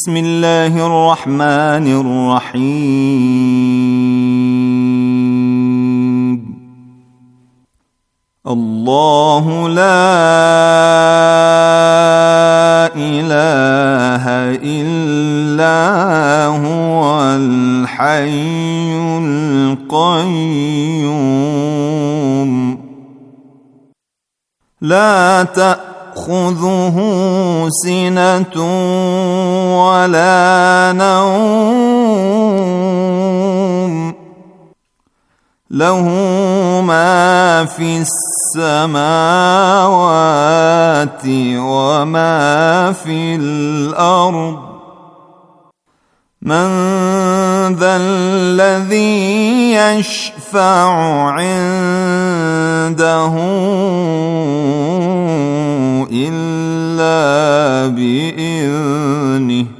بسم الله السماوات وما في الارض من ذا الذي يشفع عنده الا باذنه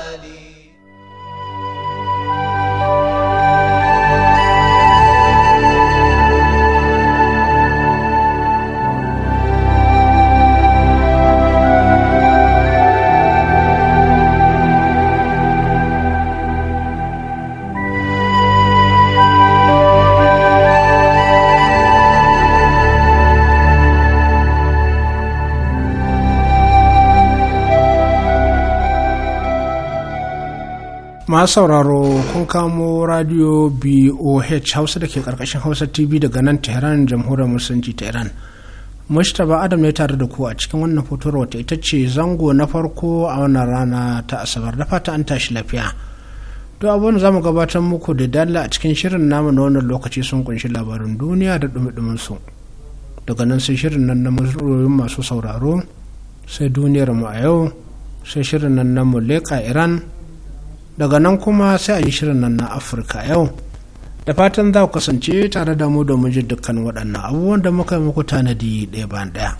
masu sauraro kun kamo radio boh hausa da ke karkashin hausa tv daga nan tehran jamhuriyar musulunci ta iran mustapha adam ne tare da ku a cikin wannan fotowar wata ita ce zango na farko a wannan rana ta asabar da fata an tashi lafiya to abin za mu gabatar muku da dalla a cikin shirin namu na wannan lokaci sun kunshi labarin duniya da dumi su daga nan sai shirin nan na mazurorin masu sauraro sai duniyar mu a yau sai shirin nan na leka iran daga nan kuma sai a yi shirin nan na afirka yau da fatan za ku kasance tare da mu domin jin dukkan waɗannan abubuwan da muka yi muku tanadi ɗaya bayan ɗaya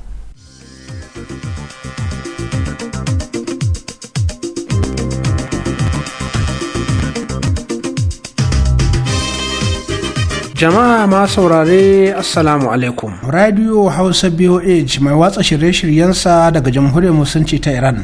jama'a ma saurare assalamu alaikum radio hausa boh mai watsa shirye-shiryensa daga jamhuriyar musulunci ta iran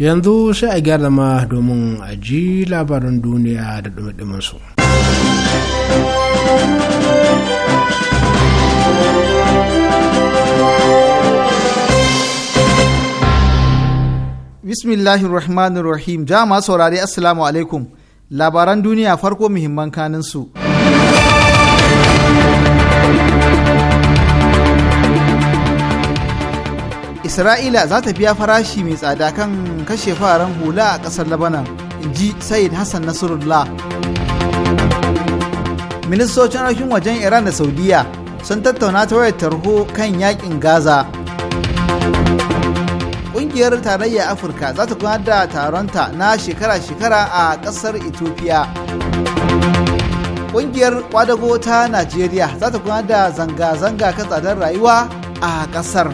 yanzu sai a gyara ma domin a ji labaran duniya da su. bismillahir rahmanir rahim jama saurari assalamu alaikum labaran duniya farko muhimman kanin su. isra'ila za ta biya farashi mai tsada kan kashe fararen hula a ƙasar labanan ji Sayyid hassan nasrullah ministocin harkokin wajen iran da saudiya sun tattauna ta wayar tarho kan yakin gaza ƙungiyar tarayya afirka za ta gudanar da taronta na shekara-shekara a ƙasar ethiopia ƙungiyar ƙwadago ta najeriya za ta gudanar da zanga-zanga kan tsadar rayuwa a ƙasar.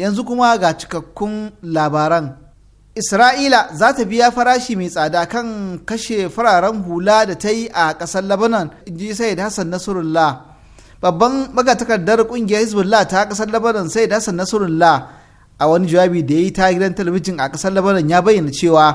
yanzu kuma ga cikakkun labaran isra'ila za ta biya farashi mai tsada kan kashe fararen hula da ta yi a ƙasar labanan inji sayid hassan nasrullah babban magatakardar ƙungiyar hezbollah ta ƙasar labanan sayid hassan nasrullah a wani jawabi da ya yi ta gidan talabijin a ƙasar labanan ya bayyana cewa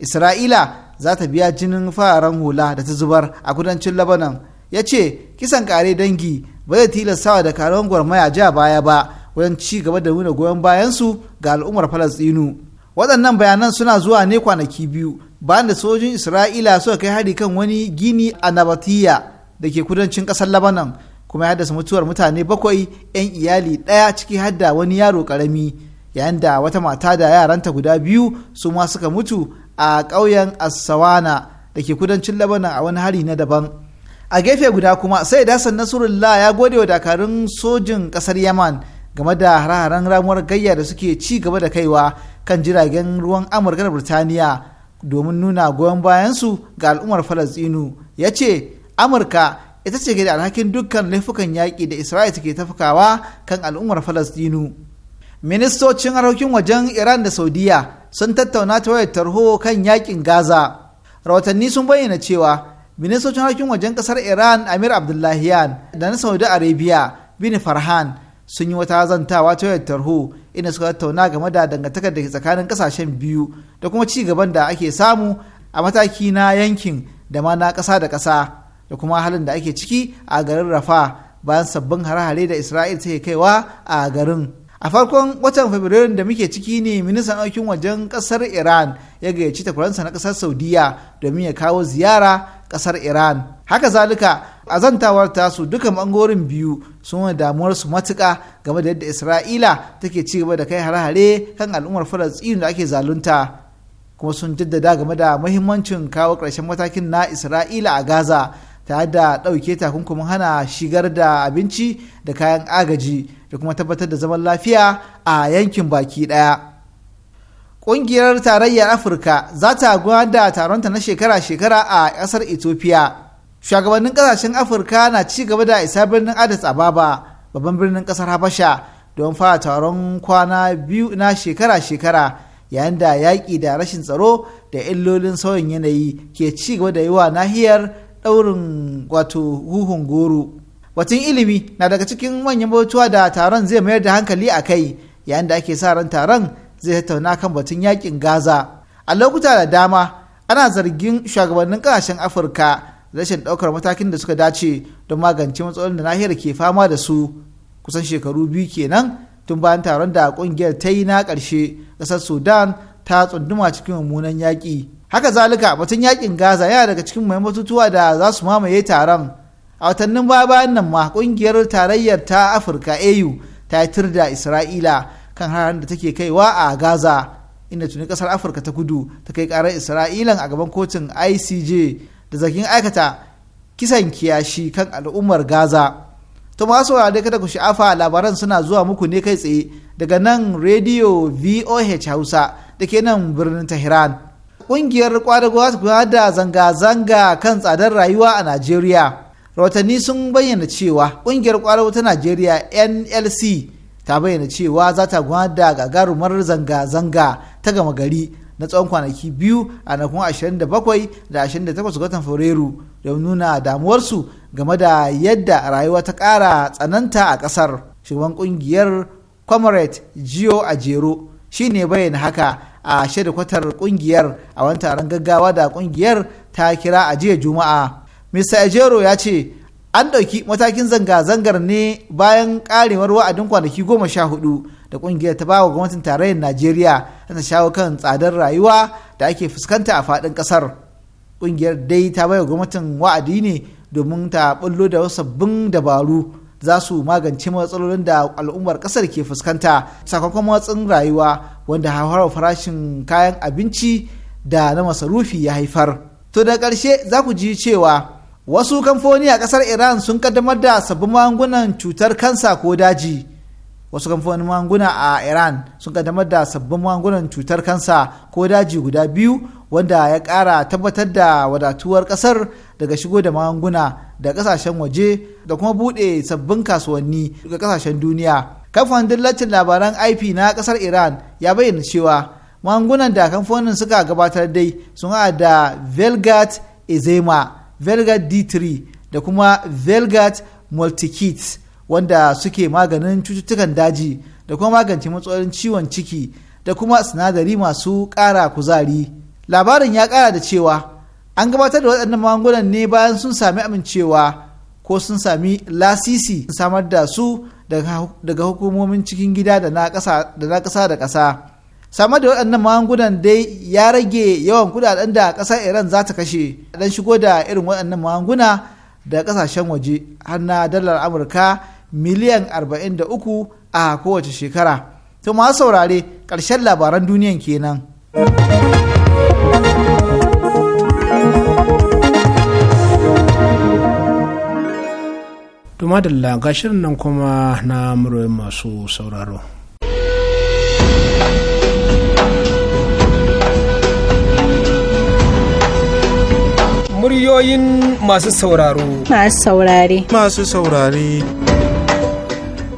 isra'ila za ta biya jinin fararen hula da ta zubar a kudancin labanan ya ce kisan kare dangi ba zai tilastawa da karuwan gwarmaya ja baya ba wajen ci gaba da nuna goyon bayansu ga al'ummar falastinu waɗannan bayanan suna zuwa ne kwanaki biyu bayan da sojin isra'ila suka kai hari kan wani gini a nabatiya da ke kudancin ƙasar labanan kuma ya haddasa mutuwar mutane bakwai 'yan iyali ɗaya ciki hadda wani yaro ƙarami yayin da wata mata da yaranta guda biyu su ma suka mutu a ƙauyen asawana da ke kudancin labanan a wani hari na daban a gefe guda kuma sai dasan nasrullah ya gode wa dakarun sojin ƙasar yaman game da hare-haren ramuwar gayya da suke ci gaba da kaiwa kan jiragen ruwan amurka da birtaniya domin nuna goyon bayansu ga al'ummar falastinu ya ce amurka ita ce ke alhakin dukkan laifukan yaƙi da isra'il take tafkawa kan al'ummar falastinu ministocin harkokin wajen iran da saudiya sun tattauna ta wayar tarho kan yaƙin gaza rahotanni sun bayyana cewa ministocin harkokin wajen ƙasar iran amir abdullahiyan da na saudi arabia bin farhan sun yi wata zantawa ta wayar tarho inda suka tattauna game da dangantakar da tsakanin kasashen biyu da kuma ci gaban da ake samu a mataki na yankin da ma na ƙasa da ƙasa da kuma halin da ake ciki a garin rafa bayan sabbin hare-hare da isra'il take kaiwa a garin a farkon watan fabrairun da muke ciki ne ministan aikin wajen kasar iran ya gayyaci takwaransa na kasar saudiya domin ya kawo ziyara kasar iran haka zalika zantawar tasu duka bangorin biyu sun damuwar su matuka game da yadda isra'ila take ci gaba da kai hare-hare kan al'ummar falastinu da ake zalunta kuma sun jaddada game da mahimmancin kawo ƙarshen matakin na isra'ila a gaza ta da ɗauke takunkumin hana shigar da abinci da kayan agaji da kuma tabbatar da zaman lafiya a yankin baki ɗaya. Ƙungiyar Tarayyar Afirka za ta gwada taronta na shekara-shekara a ƙasar Ethiopia. shugabannin kasashen afirka na ci gaba da isa birnin addis ababa babban birnin kasar habasha don fara taron kwana biyu na shekara-shekara yayin da yaƙi da rashin tsaro da illolin sauyin yanayi ke ci gaba da yi nahiyar ɗaurin wato huhun goro batun ilimi na daga cikin manyan batutuwa da taron zai mayar da hankali a kai yayin da ake sa ran taron zai tattauna kan batun yakin gaza a lokuta da dama ana zargin shugabannin ƙasashen afirka rashin ɗaukar matakin da suka dace don magance matsalolin da nahiyar ke fama da su kusan shekaru biyu kenan tun bayan taron da ƙungiyar ta yi na ƙarshe ƙasar sudan ta tsunduma cikin mummunan yaƙi haka zalika batun yaƙin gaza yana daga cikin mai batutuwa da za su mamaye taron a watannin baya bayan nan ma ƙungiyar tarayyar ta afirka au ta yi da isra'ila kan harin da take kaiwa a gaza inda tuni ƙasar afirka ta kudu ta kai ƙarar isra'ilan a gaban kotun icj da zakin aikata kisan kiyashi kan al'ummar gaza to masu dai kada ku sha'afa labaran suna zuwa muku ne kai tsaye daga nan rediyo voh hausa da ke nan birnin tehran ƙungiyar kwadagowa ta da zanga-zanga kan tsadar rayuwa a najeriya rahotanni sun bayyana cewa ƙungiyar kwadago ta najeriya nlc ta bayyana cewa za ta gwada gagarumar zanga-zanga ta gama gari na tsawon kwanaki biyu a na 27 da 28 watan fabrairu don nuna damuwarsu game da yadda rayuwa ta ƙara tsananta a ƙasar shugaban ƙungiyar comrade gio ajero shine bayyana haka a kwatar ƙungiyar a wani taron gaggawa da ƙungiyar ta kira a jiya juma'a mr ajero ya ce an ɗauki matakin zanga-zangar ne bayan karewar wa'adin kwanaki goma sha hudu da kungiyar ta bawa gwamnatin tarayyar najeriya ta shawo kan tsadar rayuwa da ake fuskanta a faɗin ƙasar kungiyar dai ta bayar gwamnatin wa'adi ne domin ta bullo da sabbin dabaru za su magance matsalolin da al'ummar ƙasar ke fuskanta sakamakon matsin rayuwa wanda hauhawar farashin kayan abinci da na masarufi ya haifar to da ƙarshe za ku ji cewa wasu kamfoni a ƙasar iran sun ƙaddamar da sabbin magungunan cutar kansa ko daji wasu kamfanin magunguna a iran sun kaddamar da sabbin magungunan cutar kansa ko daji guda biyu wanda ya kara tabbatar da wadatuwar kasar daga shigo da magunguna da kasashen waje da kuma bude sabbin kasuwanni ga kasashen duniya kamfanin dillacin labaran ip na kasar iran ya bayyana cewa magungunan da kamfanin suka gabatar dai sun haɗa da velgat ezema velgat d3 da kuma velgat multikit wanda suke maganin cututtukan daji da kuma magance matsalolin ciwon ciki da kuma sinadari masu ƙara kuzari labarin ya ƙara da cewa an gabatar da waɗannan magungunan ne bayan sun sami amincewa ko sun sami lasisi samar da su daga hukumomin cikin gida da na ƙasa da ƙasa samar da waɗannan magungunan dai ya rage yawan kudaden da ƙasar iran za ta kashe don shigo da irin waɗannan magunguna da ƙasashen waje har na dalar amurka miliyan 43 a kowace shekara. To masu saurare ƙarshen labaran duniyan kenan. Tuma da lagashirin nan kuma na muryoyin masu sauraro. muryoyin masu sauraro. Masu saurare. Masu saurare.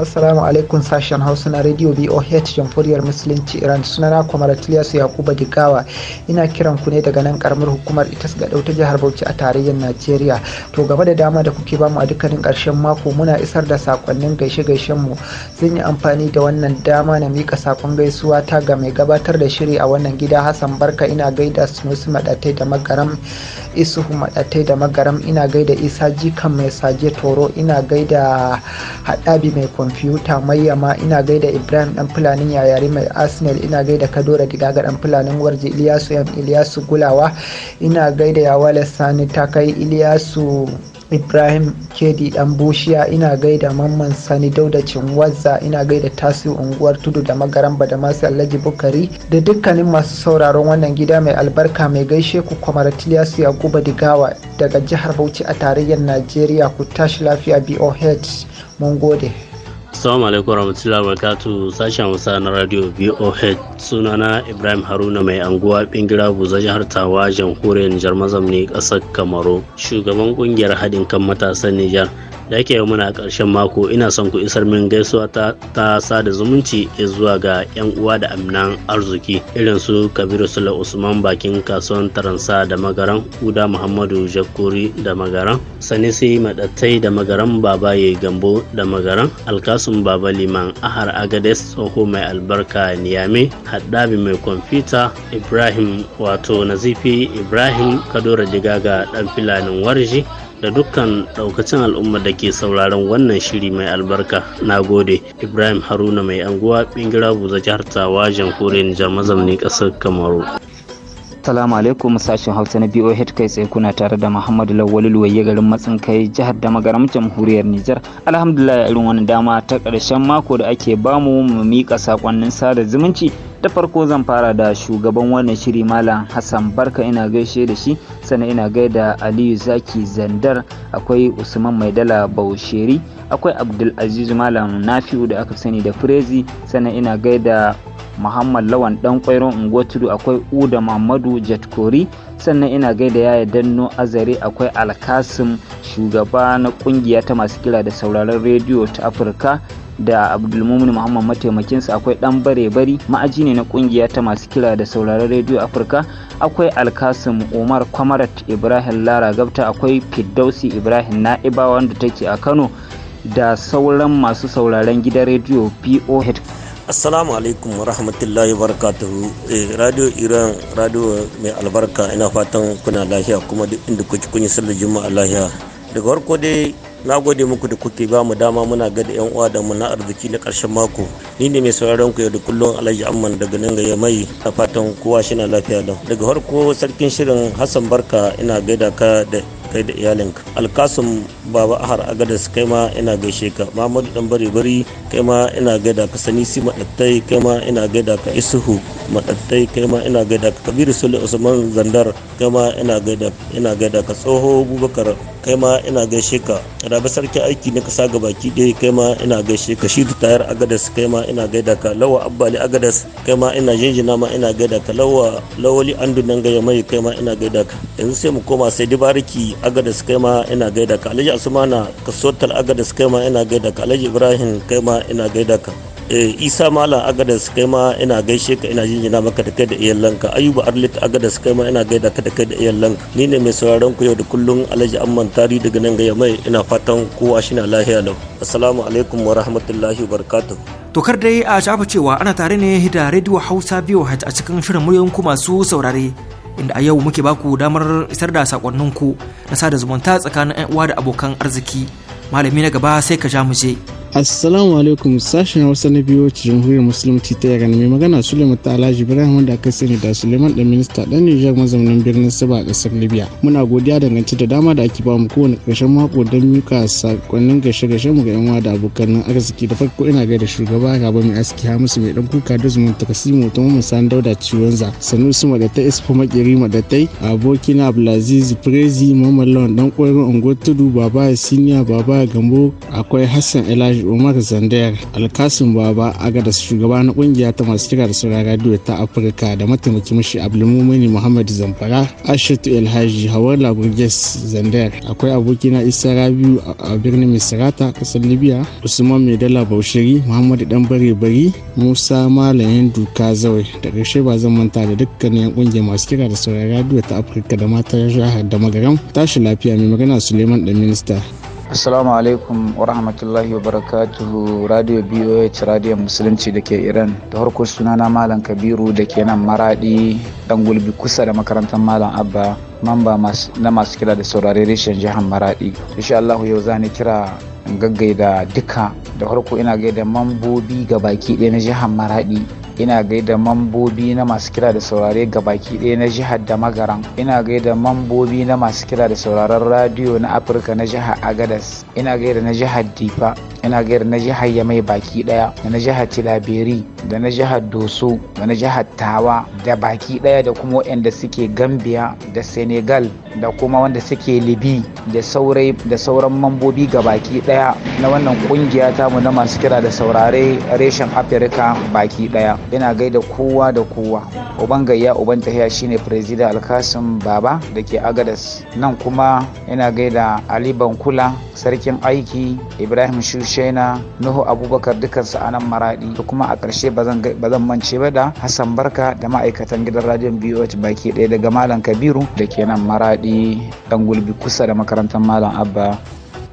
Assalamu alaikum sashen Hausa na Radio voh Jamhuriyar Musulunci Iran sunana Kwamar Tiliyasu Yakuba Gigawa ina kiran ku ne daga nan karamar hukumar Itas ga ta jihar Bauchi a tarayyar Najeriya to gaba da dama da kuke bamu a dukkanin karshen mako muna isar da sakonnin gaishe gaishen mu zan yi amfani da wannan dama na mika sakon gaisuwa ta ga mai gabatar da shiri a wannan gida Hassan Barka ina gaida Sunusi Madatai da Magaram Isuhu Madatai da Magaram ina gaida Isa Jikan mai saje Toro ina gaida Hadabi mai kwamfuta mayyama ina gaida ibrahim dan fulanin yayari mai arsenal ina gaida kadora digaga dan fulanin warje iliyasu yam iliyasu gulawa ina gaida yawale sani ta kai iliyasu ibrahim kedi dan bushiya ina gaida mamman sani daudacin wazza ina gaida tasi unguwar tudu da magaran da masu alhaji bukari da dukkanin masu sauraron wannan gida mai albarka mai gaishe ku kwamar tiliyasu yakuba digawa daga jihar bauchi a tarayyar najeriya ku tashi lafiya boh mun gode Assalamu alaikum warahmatullahi wabarakatuh sashen Hausa na Radio VOH sunana Ibrahim Haruna mai anguwa bingira buza jihar Tawa jamhuriyar Nijar ne ƙasar Kamaru shugaban kungiyar haɗin kan matasan Nijar da yake yau muna ƙarshen mako ina son ku isar min gaisuwa ta, ta sada zumunci zuwa ga 'yan uwa da aminan arziki irin su kabiru sula usman bakin kasuwan taransa da magaran uda muhammadu jakuri da magaran sanisi madattai da magaran Baba babaye gambo da magaran alkasun baba liman ahar agades tsoho mai albarka niyame haddabi mai kwamfuta ibrahim wato nazifi ibrahim kadora digaga dan filanin warji da dukkan daukacin al'umma da ke sauraron wannan shiri mai albarka na gode ibrahim haruna mai anguwa bingira buza jihar tawa jamhuriyar nijar mazamni kasar kamaru Assalamu alaikum sashen Hausa na BOH kai tsaye kuna tare da Muhammadu Lawal Luwaye garin matsin kai jihar da magaram jamhuriyar Nijar. Alhamdulillah irin wani dama ta karshen mako da ake bamu mu miƙa sakonnin sada zumunci da farko zan fara da shugaban wannan shiri malam hassan barka ina gaishe da shi sannan ina gaida aliyu zaki zandar akwai usman maidala bausheri akwai abdulaziz malam nafi'u da aka sani da firezi sannan ina gaida muhammad lawan dan kwairon tudu, akwai uda mamadu jatkori sannan ina gaida yaya danno azare akwai alkasim shugaba na kungiya ta masu kira da sauraron rediyo ta afirka da abdulmumin muhammad mataimakinsa akwai dan bare bari ma'aji ne na kungiya ta masu kira da sauraron rediyo afirka akwai alkasim umar kwamarat ibrahim lara gabta akwai fiddausi ibrahim na'iba wanda take a kano da sauran masu sauraron gidan rediyo poh assalamu alaikum rahmatullahi barakatuhu eh, radio iran radio mai albarka ina fatan kuna lafiya kuma duk inda kuke kun yi sallar juma'a lafiya daga farko dai na gode muku da kuke ba mu dama muna gada yan uwa da mu na arziki na ƙarshen mako ni ne mai sauraron ku yau da kullum alhaji amman daga nan ga mai a fatan kowa shi na lafiya lau daga farko sarkin shirin hassan barka ina gaida ka da kai da iyalinka alkasum baba ahar agadas kai ma ina gaishe ka mamadu dan bari bari kai ma ina gaida ka sanisi madattai kai ma ina gaida ka isuhu madattai kai ma ina gaida ka kabiru sule usman zandar kai ma ina gaida ina gaida ka tsoho bubakar kai ma ina gaishe ka rabe sarki aiki na kasa gabaki dai kai ma ina gaishe ka shidu tayar agadas kai ma ina gaida ka lawa abbali agadas kai ma ina jinjina ma ina gaida ka lawa lawali andu nan ga mai kai ma ina gaida ka yanzu sai mu koma sai dibariki agadas kaima ina gaida ka alhaji asumana kasuwar agadas kaima ina gaida ka alhaji ibrahim kaima ina gaida ka eh, isa mala agadas kaima ina gaishe ka ina jinjina maka da kai da iyalanka ayuba arlit agadas kaima ina gaida ka da kai da iyalanka ni ne mai sauraron ku yau da kullum alhaji amman tari daga nan ga mai ina fatan kowa shi na lahiya lau assalamu alaikum wa rahmatullahi wa to Tokar dai a shafa cewa ana tare ne da Radio Hausa biyu a cikin shirin muryoyin ku masu saurare. inda a yau muke baku damar isar da sakonninku na sada zumunta tsakanin 'yan uwa da abokan arziki malami na gaba sai ka ja mu je. assalamu alaikum sashen hausa na biyo ci jamhuriyar musulunci ta yaran mai magana suleiman ta alhaji ibrahim wanda aka sani da suleiman dan minista dan nijar mazaunin birnin saba a kasar libya muna godiya dangance da dama da ake bamu kowane karshen mako don mika sakonnin gashe gashe mu ga yan da abokan arziki da farko ina gaida shugaba gaba mai aski hamisu mai dan kuka da zumun takasimu ta mun san dauda ciwon za sanusi madatai isfa makiri madatai abokina abdulaziz prezi lawan dan koyar ungo tudu baba siniya baba gambo akwai hassan elaji Umar Zandayar Alkasim Baba Agadas shugaba na kungiya ta masu kira da sauran radio ta Afirka da mataimakin mashi Abdulmumini Muhammad Zamfara Ashatu Alhaji Hawala Burges Zandayar akwai abokina Isa Rabiu a birnin misirata kasar Libya Usman mai dala Baushiri Muhammad Dan Bare Bari Musa Malayin Duka Zawai da ƙarshe ba zan manta da dukkanin kungiyar masu kira da sauran radio ta Afirka da mata jihar da magaram tashi lafiya mai magana Suleiman Dan Minista Assalamu alaikum wa rahmatullahi wa barakatuhu Radio BOH Radio Musulunci da ke Iran da harkar sunana Malam Kabiru da ke nan Maradi dan gulbi kusa da makarantar Malam Abba mamba na masu kira da saurare reshen jihar maraɗi. Insha Allah yau za ni kira in gaggaida duka da harko ina gaida mambobi ga baki ɗaya na jihar maraɗi. ina gaida mambobi na masu kira da saurare ga baki ɗaya na jihar da magaran ina gaida mambobi na masu kira da sauraron radiyo na afirka na jihar agadas ina gaida na jihar difa ina gaida na jihar yamai baki ɗaya da na jihar tilaberi da na jihar doso da na jihar tawa da baki ɗaya da kuma waɗanda suke gambia da senegal da kuma wanda suke libi da saurai da sauran mambobi ga baki daya na wannan kungiya mu na masu kira da saurare reshen afirka baki daya ina gaida kowa da kowa uban gayya uban tahiya shine president alkasim baba da ke agadas nan kuma yana gaida ali bankula sarkin aiki ibrahim shushena nuhu abubakar dukansu a nan maradi da kuma a ƙarshe ba zan mance ba da hassan barka da ma'aikatan gidan radiyon boh baki daya daga malam kabiru da ke nan maradi maraɗi ɗan gulbi kusa da makarantar malam abba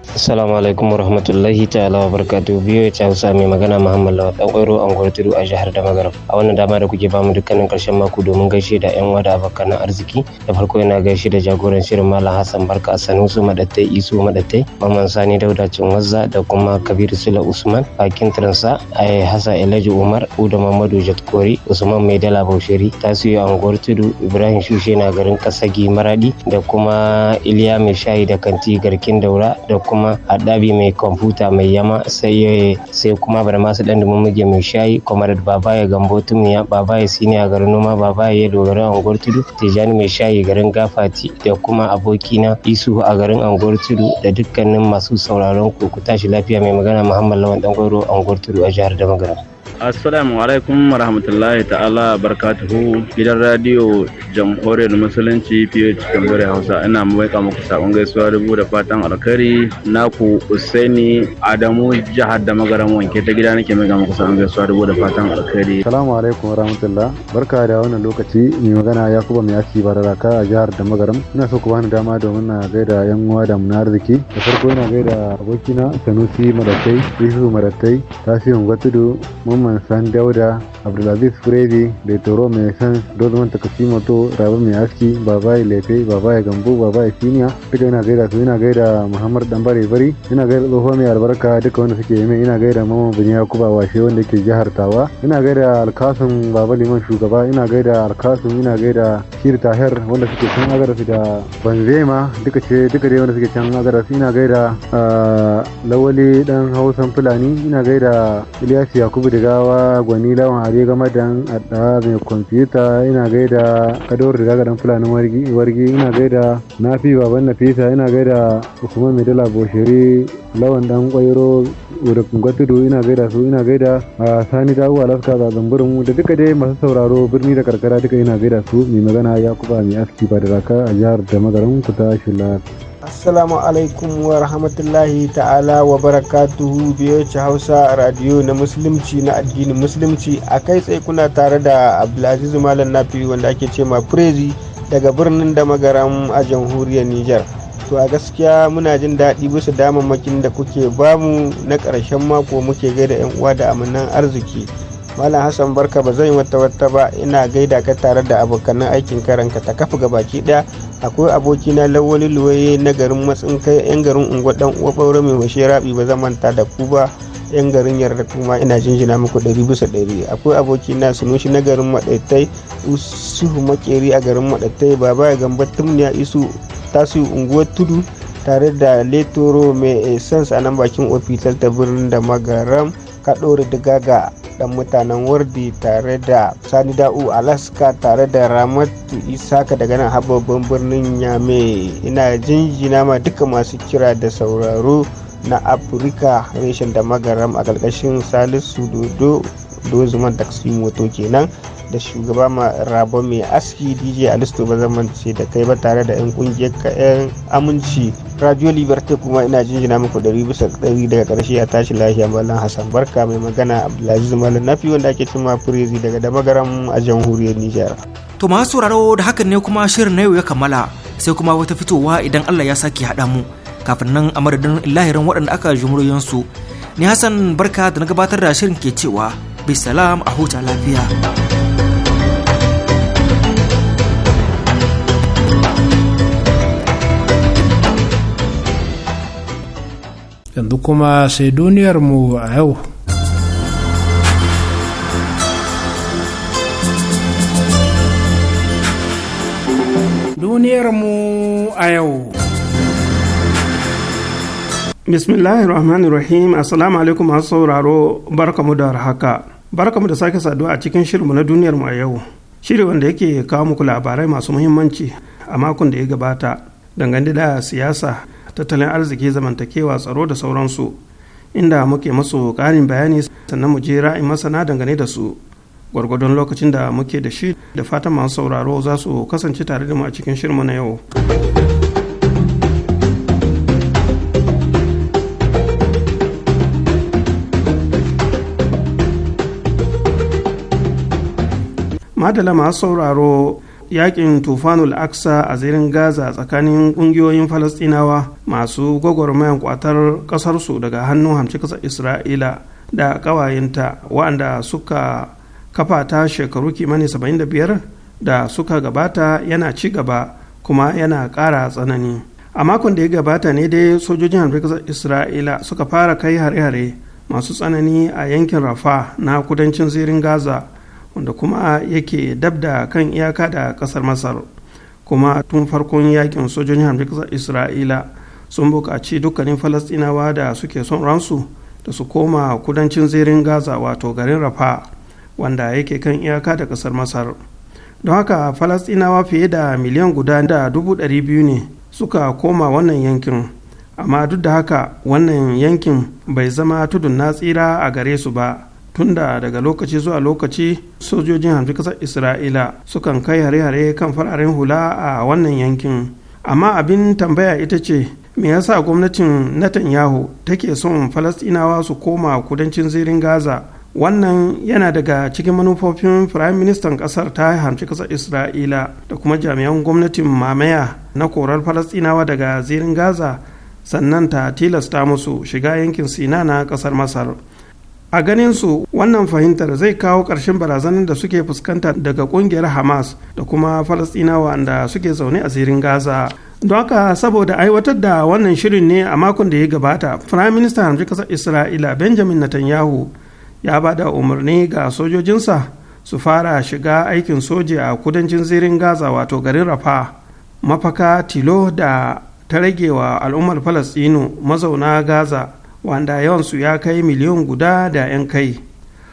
Assalamu alaikum warahmatullahi ta'ala wabarakatuh biyo ya hausa mai magana Muhammad Lawal dan Kwairo Angwar Tudu a jihar da Magarab. A wannan dama da kuke bamu dukkanin karshen mako domin gaishe da yan wada abokan arziki. Da farko yana gaishe da jagoran shirin Malam Hassan Barka Sanusu Madattai Isu Madattai, Maman Sani Dauda Cinwazza da kuma Kabiru Sula Usman, Bakin Transa, Ai eh, Hassan Elaji Umar, Uda Mamadu Jatkori, Usman Maidala Baushiri, Tasiyo unguwar Tudu, Ibrahim Shushe na garin Kasagi Maradi da kuma Iliya Mai Shayi da Kanti Garkin Daura da kuma kuma ɗabi mai kwamfuta mai yama sai sai kuma bari masu dan dumin muke mai shayi comrade babaye gambo ya sini a garin noma baba ya dogara a unguwar tudu tijani mai shayi garin gafati da kuma abokina isu a garin unguwar tudu da dukkanin masu sauraron ku ku tashi lafiya mai magana muhammad lawan ɗan gwaro unguwar tudu a jihar damagara Assalamu alaikum warahmatullahi ta'ala barkatuhu gidan radiyo jamhuriyar musulunci PH cikin hausa ina mawaika muku sakon gaisuwa dubu da fatan alkhairi naku usaini adamu jihar da magaran wanke ta gida nake mawaika muku sakon gaisuwa dubu da fatan alkhairi assalamu alaikum warahmatullah barka da wannan lokaci mai magana yakuba mai yaki bara a jihar da magaran ina so ku bani dama domin na gaida yan uwa da mun arziki da farko ina gaida abokina sanusi madatai yusu madatai tasirin gwatudu mun mamman san dauda abdulaziz furedi da toro mai san dozman takasimoto rabu mai aski babaye lefe babaye gambo babaye siniya duka yana gaida su yana gaida muhammad dan bari yana gaida tsoho mai albarka duka wanda suke yi ina gaida mamman bin yakuba washe wanda ke jihar tawa ina gaida alkasun baba liman shugaba ina gaida alkasun ina gaida shir tahir wanda suke can su da banzema duka ce duka dai wanda suke can su ina gaida ah, lawali dan hausan fulani ina gaida ilyas yakubu daga Jigawa Gwani Lawan Hare game da adda mai kwamfuta ina gaida Kadawar Riga gadan Fulani wargi wargi ina gaida fi Baban Nafisa ina gaida Usman dala Boshiri Lawan Dan Kwairo da tudu ina gaida su ina gaida a Sani Dawu laska da Zamburin da duka dai masu sauraro birni da karkara duka ina gaida su mai magana Yakuba mai aski ba da raka a jihar da magarin ku shi lafiya. assalamu alaikum wa rahmatullahi ta'ala wa barakatuhu biyoci hausa radiyo na musulunci na addinin musulunci a kai tsaye kuna tare da abdulaziz malam nafi wanda ake ce ma prezi daga birnin da magaram a jamhuriyar niger to a gaskiya muna jin daɗi bisa damammakin da kuke bamu na ƙarshen mako muke gaida 'yan uwa da amanan arziki malam hassan barka ba zan wata wata ba ina gaida ka tare da abokanin aikin karanka ta kafa gabaki daya akwai abokina lawali luwaye na garin matsin kai yan garin unguwa dan uwa ɓaure mai washe rabi ba zan manta da ku ba yan garin yarda kuma ina jinjina muku ɗari bisa ɗari akwai abokina sunushi na garin maɗaitai usuhu makeri a garin maɗaitai ba ya gamba tumniya isu tasu unguwar tudu tare da letoro mai essence a nan bakin ofital ta birnin da magaram kaɗore daga ga dan mutanen wardi tare da sani da'u alaska tare da ramatu isaka daga nan hababin birnin yame ina jinjina ma duka masu kira da sauraro na afirka reshen da magaram a ƙarƙashin salisu dodo dozuman taksi moto kenan da shugaba ma rabo mai aski dj alisto ba zan mance da kai ba tare da yan kungiyar ka yan aminci radio liberty kuma ina jinjina muku dari bisa dari daga karshe a tashi lafiya malam hassan barka mai magana abdulaziz malam nafi wanda ake cima furezi daga damagaram a jamhuriyar nijar to masu sauraro da hakan ne kuma shirin na yau ya kammala sai kuma wata fitowa idan allah ya sake haɗa mu kafin nan a madadin lahirin waɗanda aka su ni hassan barka da na gabatar da shirin ke cewa bisalam a huta lafiya yanzu kuma sai duniyarmu a yau duniyarmu a yau rahim assalamu alaikum masu sauraro barkamu da haka barkamu da sake saduwa a cikin shirinmu na duniyarmu a yau shiri wanda yake kawo muku labarai masu muhimmanci a makon da ya gabata dangane da siyasa tattalin arziki zamantakewa tsaro da sauransu inda muke masu ƙarin bayani sannan muje je ra'ayin masana dangane da su gwargwadon lokacin da muke da shi da fatan masu sauraro za su kasance tare da mu a cikin shirma na yau. madala masu sauraro yakin tufanul aksa a zirin gaza tsakanin kungiyoyin falastinawa masu gwagwarmayan kwatar kasarsu daga hannun hamci kasar isra'ila da kawayenta waɗanda suka kafa ta shekaru kimanin 75 da suka gabata yana ci gaba kuma yana ƙara tsanani a makon da ya gabata ne dai sojojin hamci kasar isra'ila suka fara kai hare-hare masu tsanani a yankin rafa na kudancin zirin gaza wanda kuma yake dab da kan iyaka da ƙasar masar kuma tun farkon yakin sojojin hamdukasar isra'ila sun buƙaci dukkanin falastinawa da suke son ransu da su koma kudancin zirin gaza wato garin rafa wanda yake kan iyaka da ƙasar masar don haka falastinawa fiye da miliyan guda da dubu ɗari biyu ne suka koma wannan yankin amma duk da haka wannan yankin bai zama tudun na tsira a gare su ba tunda daga lokaci zuwa lokaci sojojin hamsin kasar isra'ila sukan kai hare-hare kan fararen hula a wannan yankin amma abin tambaya ita ce me yasa gwamnatin netanyahu take son falastinawa su koma kudancin zirin gaza wannan yana daga cikin manufofin firayim ministan kasar ta hamci kasar isra'ila da kuma jami'an gwamnatin mamaya na korar falastinawa daga zirin gaza sannan ta tilasta musu shiga yankin sina na kasar masar a ganin su wannan fahimtar zai kawo ƙarshen barazanar da suke fuskanta daga ƙungiyar hamas da kuma falasɗinawa da suke zaune a zirin gaza don haka saboda aiwatar da wannan shirin ne a makon da ya gabata prime minister hamji ƙasar isra'ila benjamin netanyahu ya ba da umarni ga sojojinsa su fara shiga aikin soji a kudancin zirin gaza wato garin rafa mafaka tilo da ta rage wa al'ummar falasɗinu mazauna gaza wanda yawansu ya kai miliyan guda da 'yan kai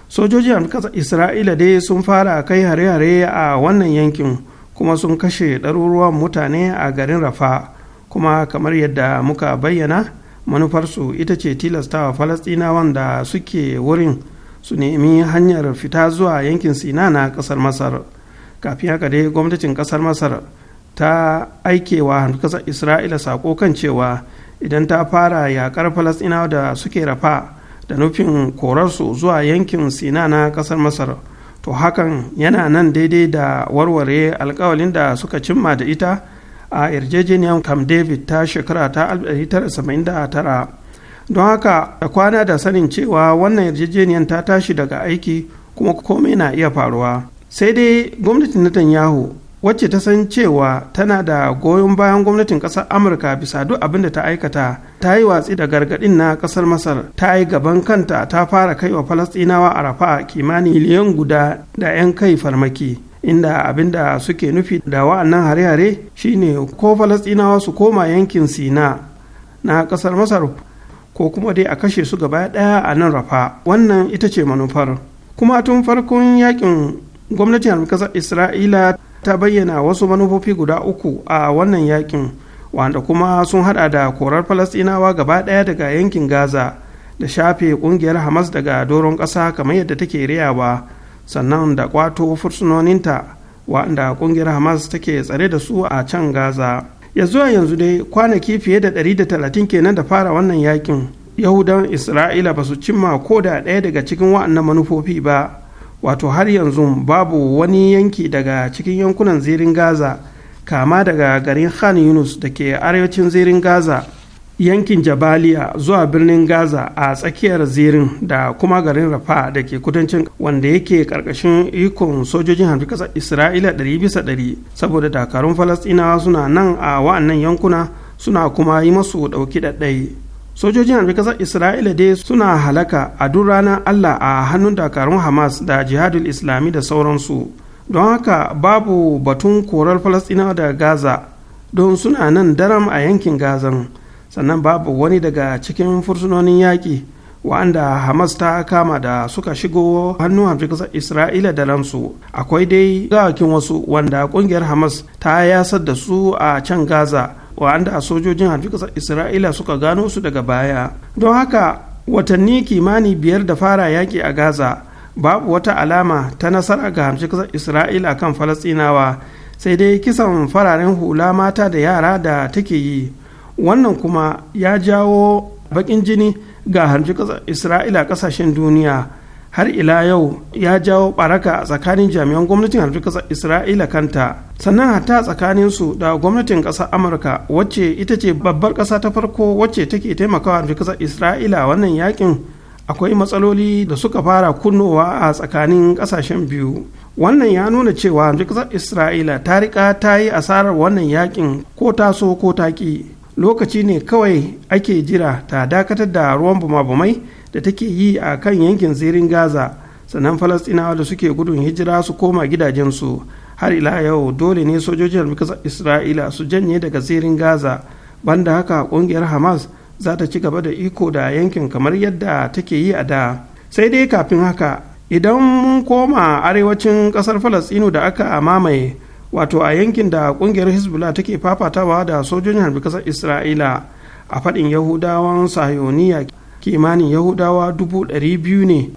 sojojin kasa isra'ila dai sun fara kai hare-hare a wannan yankin kuma sun kashe ɗaruruwan mutane a garin rafa kuma kamar yadda muka bayyana manufarsu ita ce tilastawa falasɗinawan da suke wurin su nemi hanyar fita zuwa yankin sina na ƙasar masar kafin haka dai gwamnatin ƙasar masar ta aikewa kasar isra'ila sako kan cewa idan ta fara yakar falasɗinawa da suke rafa da nufin korarsu zuwa yankin sina na ƙasar masar to hakan yana nan daidai da warware alkawalin da suka cimma da ita a yarjejeniyar camp david ta shekara ta 1979 don haka da kwana da sanin cewa wannan yarjejeniyar ta tashi daga aiki kuma komai na iya faruwa sai dai gwamnatin netanyahu wacce ta san cewa tana da goyon bayan gwamnatin ƙasar amurka bisa duk abin da ta aikata ta yi watsi da gargaɗin na ƙasar masar ta yi gaban kanta ta fara kai wa falastinawa a rafa kimanin miliyan guda da 'yan kai farmaki inda abin da suke nufi da wa'annan hare-hare shine ko falastinawa su koma yankin sina na ƙasar masar ko kuma dai a kashe su gaba ɗaya a nan rafa wannan ita ce manufar kuma tun farkon yakin gwamnatin ƙasar isra'ila ta bayyana wasu manufofi guda uku a wannan yakin wanda kuma sun hada da korar falasɗinawa gaba ɗaya daga yankin gaza da shafe ƙungiyar hamas daga doron ƙasa kamar yadda take riyawa, sannan da kwato fursunoninta wanda ƙungiyar hamas take tsare da su a can gaza ya zuwa yanzu dai kwanaki fiye da 130 kenan da fara wannan yakin yahudan isra'ila ba su cimma ko da ɗaya daga cikin wa'annan manufofi ba wato har yanzu babu wani yanki daga cikin yankunan zirin gaza kama daga garin khan yunus da ke arewacin zirin gaza yankin jabaliya zuwa birnin gaza a tsakiyar zirin da kuma garin rafa da ke kudancin wanda yake karkashin ikon sojojin hamsin kasar isra'ila 100 saboda dakarun falasɗinawa suna nan a wa'annan yankuna suna kuma yi masu ɗauki ɗaɗɗai sojojin harbi kasar isra'ila dai suna halaka a duk ranar allah a hannun dakarun hamas da jihadul islami da sauransu don haka babu batun korar falastinawa da gaza don suna nan daram a yankin gaza sannan babu wani daga cikin fursunonin yaƙi wa'anda hamas ta kama da suka shigo hannun hamsin kasar isra'ila da ransu akwai dai gawakin wasu wanda ƙungiyar hamas ta yasar da su a can gaza wa'anda sojojin harbi kasar isra'ila suka gano su daga baya don haka watanni kimani biyar da fara yaƙi a gaza babu wata alama ta nasara ga hamshi ƙasar isra'ila kan falastinawa sai dai kisan fararen hula mata da yara da take yi wannan kuma ya jawo baƙin jini ga hamshi isra'ila ƙasashen duniya har ila yau ya jawo baraka a tsakanin jami'an gwamnatin alfikasar isra'ila kanta sannan hatta tsakanin su da gwamnatin ƙasar amurka wacce ita ce babbar ƙasa ta farko wacce take taimakawa ƙasar isra'ila wannan yakin akwai matsaloli da suka fara kunnowa a tsakanin ƙasashen biyu wannan ya nuna cewa ƙasar isra'ila ta riƙa ta yi asarar wannan yakin ko ta so ko ta ƙi lokaci ne kawai ake jira ta dakatar da ruwan bumabumai da take yi a kan yankin zirin gaza sannan falastinawa da suke gudun hijira su koma gidajensu har ila yau dole ne sojojin isra'ila su janye daga zirin gaza banda haka kungiyar hamas za ta ci gaba da iko da yankin kamar yadda take yi a da sai dai kafin haka idan mun koma arewacin kasar falastinu da aka mamaye wato a yankin da kungiyar hezbollah take fafatawa da sojojin kasar isra'ila a faɗin yahudawan sahiyoniya kimanin yahudawa dubu ɗari biyu ne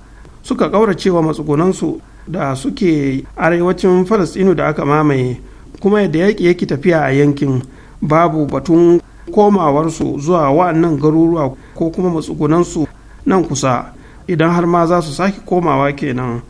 suka ƙauracewa matsugunansu da suke arewacin falasɗinu da aka mamaye kuma yadda yaƙi yake tafiya a yankin babu batun komawarsu zuwa wa'annan garuruwa ko kuma matsugunansu nan kusa idan har ma za su sake komawa kenan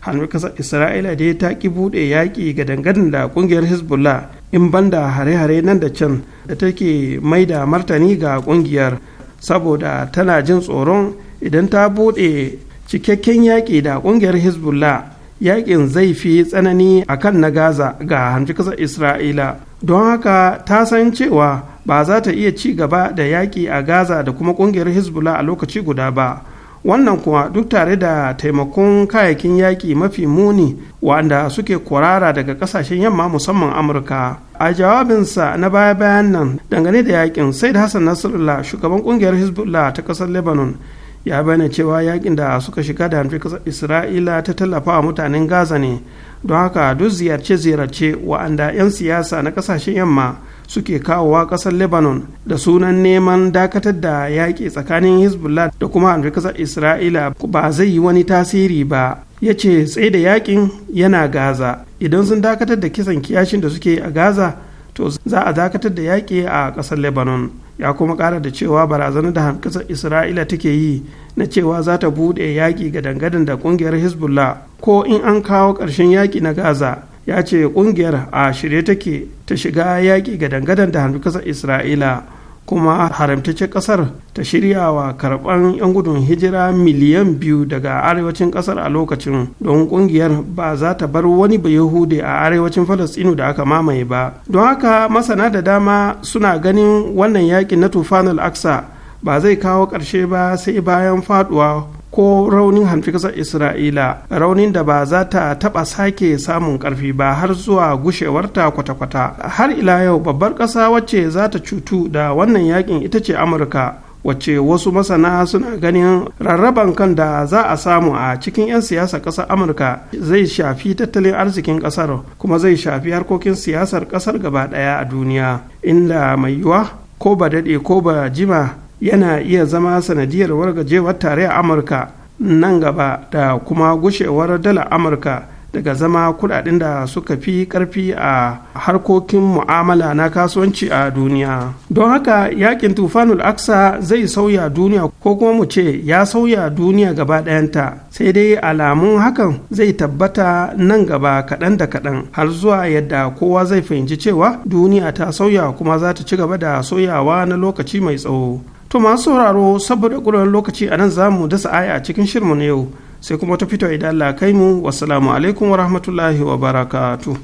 hannun kasar isra'ila dai ta ki buɗe yaƙi ga dangadin da ƙungiyar hezbollah in banda hare-hare nan da can da take mai da martani ga ƙungiyar saboda tana jin tsoron idan ta buɗe cikakken yaƙi da ƙungiyar hezbollah yaƙin zai fi tsanani a kan na gaza ga hamci ƙasar isra'ila don haka ta san cewa ba za ta iya ci gaba da yaƙi a gaza da kuma ƙungiyar hezbollah a lokaci guda ba wannan kuwa duk tare da taimakon kayayyakin yaƙi mafi muni wanda suke kwarara daga kasashen yamma musamman amurka a jawabinsa na baya-bayan nan dangane da yakin said hassan nasrullah shugaban ƙungiyar hezbollah ta ƙasar lebanon ya bayyana cewa yakin da suka shiga da hamshe isra'ila ta tallafa wa mutanen gaza ne don haka duk ziyarce-ziyarce wa'anda 'yan siyasa na kasashen yamma suke kawowa kasar lebanon da sunan neman dakatar da yaƙi tsakanin hezbollah da kuma hamshe kasar isra'ila ba zai yi wani tasiri ba ya ce tsaye da yakin yana gaza idan sun dakatar da kisan kiyashin da suke a gaza to za a dakatar da yaƙi a ƙasar lebanon ya kuma kara da cewa barazanar da hamkasar isra'ila take yi na cewa za ta buɗe yaƙi ga dangadin da ƙungiyar hezbollah ko in an kawo ƙarshen yaƙi na gaza ya ce ƙungiyar a shirye take ta shiga yaƙi ga dangadin da hamkasar isra'ila kuma haramtaccen kasar ta shirya wa karban 'yan gudun hijira miliyan biyu daga arewacin kasar a lokacin don kungiyar ba za ta bar wani ba yahude a arewacin falastinu da aka mamaye ba don haka masana da dama suna ganin wannan yakin na tufan aksa, ba zai kawo ƙarshe ba sai bayan faduwa ko raunin hanfi ƙasar isra'ila raunin da ba za ta taɓa sake samun ƙarfi ba har zuwa gushewarta kwata-kwata har ila yau babbar ƙasa wacce za ta cutu da wannan yakin ita ce amurka wacce wasu masana suna ganin rarraban kan da za a samu a cikin 'yan siyasar ƙasar amurka zai shafi tattalin arzikin ƙasar kuma zai shafi harkokin siyasar ƙasar gaba ɗaya a duniya inda mai yiwuwa ko ba daɗe ko ba jima yana iya zama sanadiyar wargajewar a amurka nan gaba da kuma gushewar dalar amurka daga zama kudaden da suka fi karfi a harkokin mu'amala na kasuwanci a duniya don haka yakin tufanul aksa zai sauya duniya ko kuma mu ce ya sauya duniya gaba ɗayanta sai dai alamun hakan zai tabbata nan gaba kaɗan da kaɗan har zuwa yadda kowa zai fahimci cewa duniya ta sauya kuma za ta ci gaba da soyawa na lokaci mai tsawo To masu sauraro saboda ƙuran lokaci a nan za mu dasa aya a cikin shirmu na yau sai kuma ta fito idan Allah kai mu wasalamu alaikum wa rahmatullahi wa barakatu.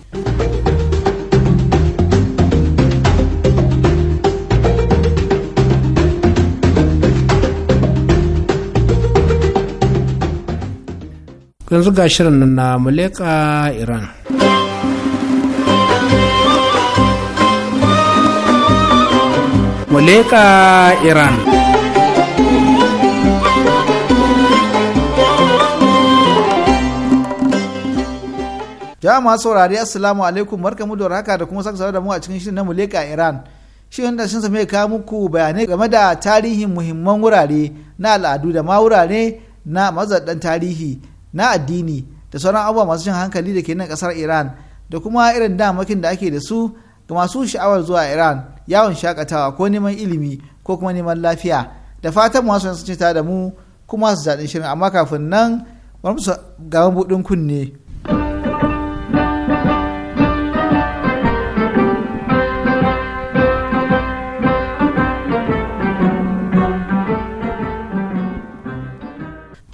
yanzu ga shirin na Muleka Iran. Muleka Iran. masu saurari Assalamu alaikum barkamu da haka da kuma saka da mu a cikin shirin na Moleka Iran. Shirin da shin mai kawo muku bayanai game da tarihin muhimman wurare na al'adu da ma wurare na mazaɗan tarihi na addini da sauran abubuwa masu shan hankali da ke nan ƙasar Iran da kuma irin damakin da ake da su ga masu sha'awar zuwa iran yawon shakatawa ko neman ilimi ko kuma neman lafiya da fatan masu sun ce da mu kuma su daɗin shirin amma kafin nan gaban buɗin kunne.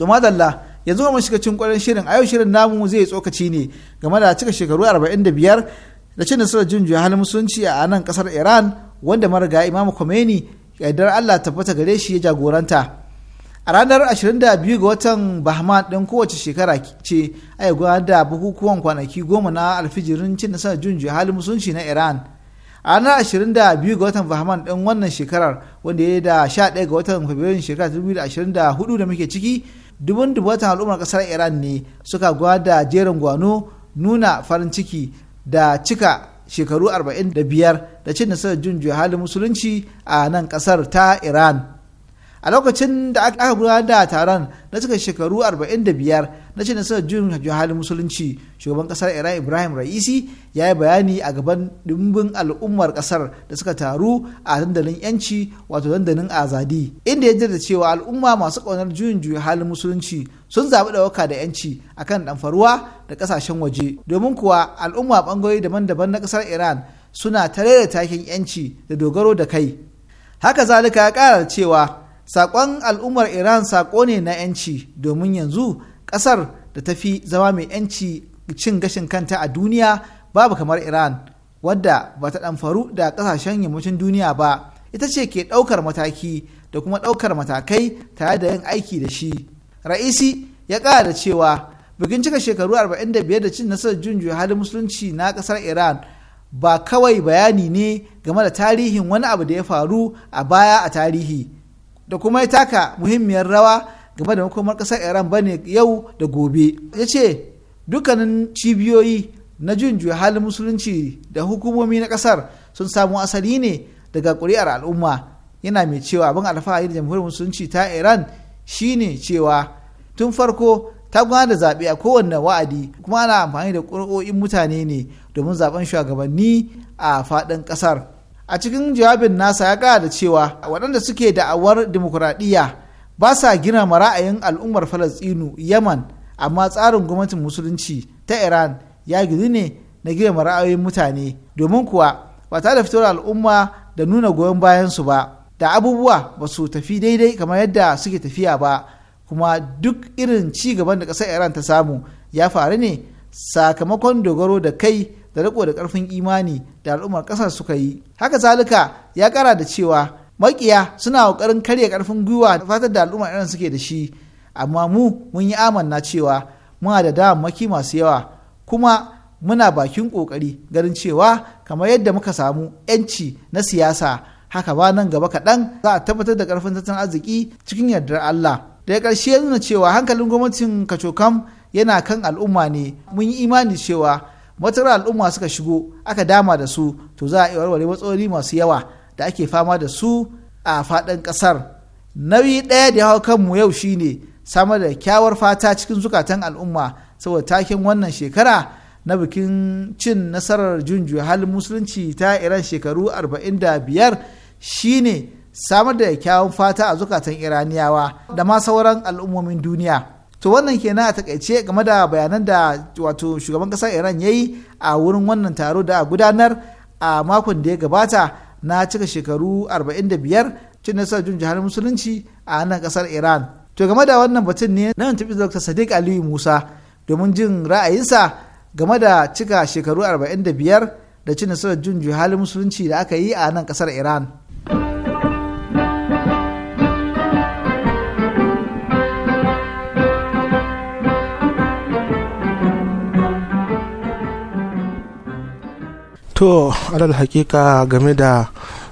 to madalla yanzu mu shiga cin kwarin shirin a yau shirin namu zai tsokaci ne game da cika shekaru 45 da cin nasarar jin juya halin musulunci a nan kasar iran wanda mariga imamu khomeini yaddar allah tabbata gare shi ya jagoranta a ranar 22 ga watan bahman ɗin kowace shekara ce a gudanar da bukukuwan kwanaki goma na alfijirin cin nasarar jin juya halin musulunci na iran a ranar 22 ga watan bahman ɗin wannan shekarar wanda ya da 11 ga watan fabirin shekara 2024 da muke ciki dubun dubatan al'ummar kasar iran ne suka gwada jerin gwano nuna farin ciki da cika shekaru 45 da cin nasarar jin halin musulunci a nan kasar ta iran a lokacin da aka gudanar da taron na cikin shekaru 45 na cin nasarar jin halin musulunci shugaban kasar iran ibrahim ra'isi ya yi bayani a gaban dimbin al'ummar kasar da suka taru a dandalin yanci wato dandalin azadi inda ya jirda cewa al'umma masu ƙaunar juyin juyin halin musulunci sun zaɓi ɗauka da yanci akan ɗanfaruwa da ƙasashen waje domin kuwa al'umma ɓangarori daban-daban na ƙasar iran suna tare da takin yanci da dogaro da kai haka zalika ya ƙara cewa saƙon al'ummar iran saƙo ne na 'yanci domin yanzu ƙasar da ta fi zama mai 'yanci cin gashin kanta a duniya babu kamar iran wadda ba ta ɗamfaru da ƙasashen yammacin duniya ba ita ce ke ɗaukar mataki da kuma ɗaukar matakai tare da yin aiki da shi ra'isi ya ƙara da cewa bikin cika shekaru 45 da cin nasarar halin musulunci na ƙasar iran ba kawai bayani ne game da tarihin wani abu da ya faru a baya a tarihi da kuma ya taka muhimmiyar rawa game da makomar ƙasar iran bane yau da gobe ya ce dukkanin cibiyoyi na jin juya halin musulunci da hukumomi na ƙasar sun samu asali ne daga ƙuri'ar al'umma yana mai cewa abin alfahari da jamhuriyar musulunci ta iran shine cewa tun farko ta gudanar da zaɓe a kowanne wa'adi kuma ana amfani da ƙuri'o'in mutane ne domin zaɓen shugabanni a faɗin ƙasar a cikin jawabin nasa ya kara da cewa waɗanda suke da'awar dimokuraɗiyya ba sa ma ra'ayin al'ummar falastinu yaman amma tsarin gwamnatin musulunci ta iran ya gizi ne na ma ra'ayoyin mutane domin kuwa ba ta da fitowar al'umma da nuna goyon bayan su ba da abubuwa ba su tafi daidai kamar yadda suke tafiya ba kuma duk irin ci gaban da ƙasar iran ta samu ya faru ne sakamakon dogaro da kai da riko da karfin imani da al'ummar kasar suka yi haka zalika ya kara da cewa makiya suna kokarin karya karfin gwiwa da fatar da al'ummar irin suke da shi amma mu mun yi amanna cewa muna da damammaki masu yawa kuma muna bakin kokari garin cewa kamar yadda muka samu 'yanci na siyasa haka ba nan gaba kaɗan za a tabbatar da karfin tattalin arziki cikin yardar Allah daga ƙarshe ya nuna cewa hankalin gwamnatin kacokam yana kan al'umma ne mun yi imani cewa matsalar al'umma suka shigo aka dama da su to za a iya warware matsaloli masu yawa da ake fama da su a faɗin ƙasar nauyi ɗaya da ya hau kanmu yau shine samar da kyawar fata cikin zukatan al'umma saboda takin wannan shekara na bikin cin nasarar junju halin musulunci ta iran shekaru 45 shine samar da kyawun fata a zukatan iraniyawa da ma sauran al'ummomin duniya to wannan kenan a takaice game da bayanan da wato shugaban kasar iran ya yi a wurin wannan taro da gudanar a makon da ya gabata na cika shekaru 45 cin nasarar jin jihar musulunci a nan kasar iran to game da wannan batun ne na tafi dr sadiq aliyu musa domin jin ra'ayinsa game da cika shekaru 45 da cin nasarar jin jihar musulunci da aka yi a nan kasar iran to alal hakika game da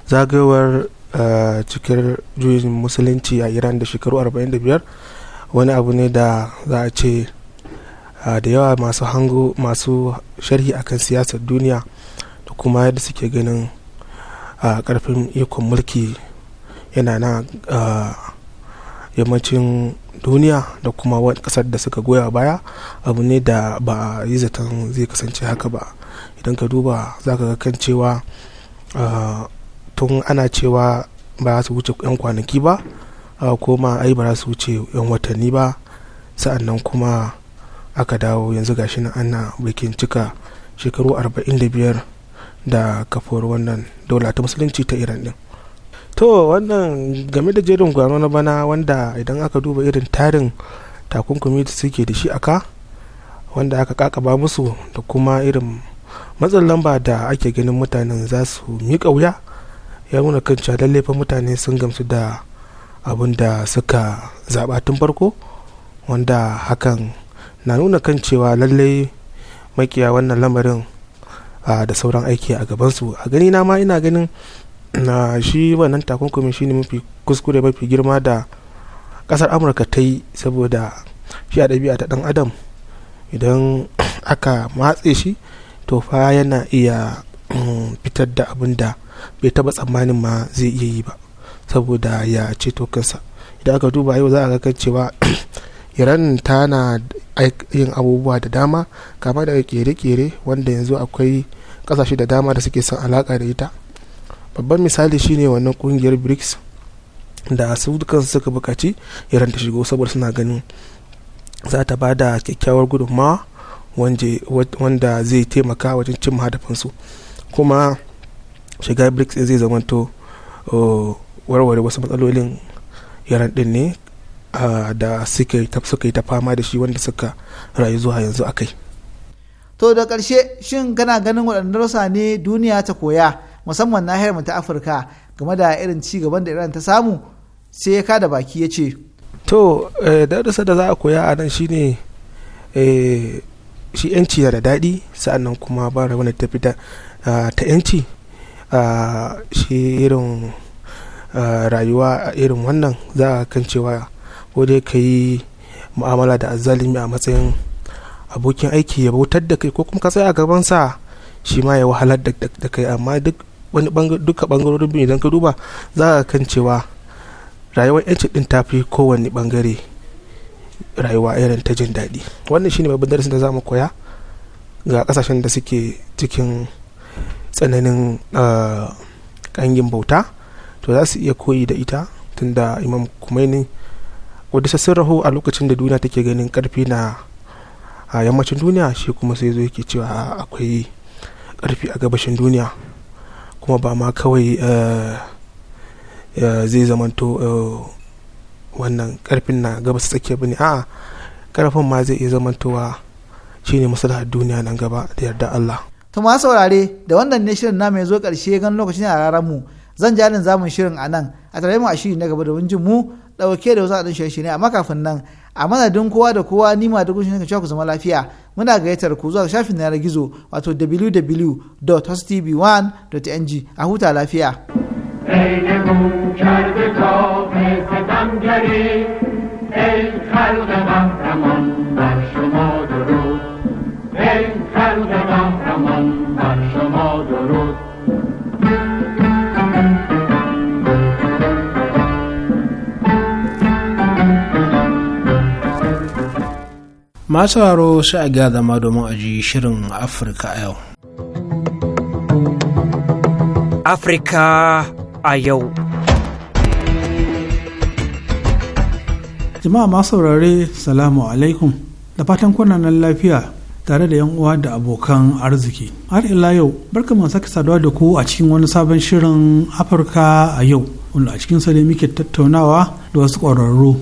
zagayowar eh, cikin juyin musulunci a iran da shekaru 45 wani abu ne da za a ce eh, da yawa masu hango masu sharhi akan siyasar duniya da kuma yadda suke ganin karfin eh, ikon mulki yana na yammacin duniya da kuma kasar da suka goya baya abu ne da ba yi zaton zai kasance haka ba don ka duba za ka ga kan cewa ah, tun ana cewa ba za su wuce 'yan kwanaki ba ah, ko ma ai ba za su wuce 'yan watanni ba sannan kuma aka dawo yanzu gashi na ana bikin cika shekaru 45 da kafuwar wannan dola ta musulunci ta iran din to wannan game da jerin gwano na bana wanda idan aka duba irin tarin takunkumi da suke da shi aka wanda aka kakaba musu da kuma irin matsin lamba da ake ganin mutanen za su miƙa wuya ya nuna kan cewa lallai fa mutane sun gamsu da abin da suka zaɓa tun farko wanda hakan na nuna kan cewa lallai makiya wannan lamarin da sauran aiki a gabansu a gani na ma ina ganin na shi wannan takunkumin shine mafi kuskure mafi girma da kasar amurka ta yi saboda shi a ɗabi'a ta ɗan adam idan aka matse shi to fa yana iya mm, fitar da abin da bai taba tsammanin ma zai iya yi ba saboda ya ceto kansa idan aka duba yau za a ga kan cewa iran tana yin abubuwa da dama kama daga kere-kere wanda yanzu akwai kasashe da dama da suke son alaka da ita babban misali shine wannan kungiyar brics da su kansu suka bukaci iran ta shigo saboda suna ganin za ta ba da kyakkyawar gudunmawa wanda zai taimaka wajen cimma hadafinsu kuma shiga brics zai zamanto uh, warware wasu matsalolin yaran din ne uh, da suka yi ta fama da shi wanda suka rayu zuwa yanzu a kai to da ƙarshe shin kana ganin waɗannan rusa ne duniya ta koya musamman nahiyar mu ta afirka game da irin ci gaban da iran ta samu sai ya kada baki ya ce to eh, darussa da za a koya a nan shine eh, shi yanci da daɗi sa'annan kuma ba da ta yanci shi irin rayuwa a irin wannan za a kan cewa ko dai ka yi mu'amala da azalimi a matsayin abokin aiki ya bautar da kai ko kuma ka tsaya a gaban sa shi ma ya wahalar da kai amma duk wani duka bangarorin biyu idan ka duba za a kan cewa rayuwar yanci din ta fi kowane bangare rayuwa irin ta jin daɗi wannan shine babban darasin da za mu koya ga kasashen da suke cikin tsananin ah, ƙangin bauta to za su iya koyi da ita tunda imam kumaini wadda sun raho a lokacin da duniya take ganin karfi na a ah, yammacin duniya shi kuma sai zo yake cewa ah, akwai karfi a gabashin duniya kuma ba ma kawai zai zamanto wannan karfin na su tsakiya bane a'a karfin ma zai iya zamantowa shine maslahar duniya nan gaba da yarda Allah to ma saurare da wannan ne shirin na mai zo karshe gan lokacin a rarar mu zan jalin zamun shirin a nan a tare mu a shiri na gaba domin jin mu dauke da wasu adin shi ne amma kafin nan a madadin kowa da kowa ni ma da shirin ka ku zama lafiya muna gayyatar ku zuwa shafin yanar gizo wato www.hostv1.ng a huta lafiya. آمدید ای خلق بر شما درود ای خلق haro sai a zama domin aji shirin afirka a yau afirka a yau jama'a masu saurare salamu alaikum da fatan kuna nan lafiya tare da yan uwa da abokan arziki har ila yau barka mu sake saduwa da ku a cikin wani sabon shirin afirka a yau wanda a cikin ne muke tattaunawa da wasu ƙwararru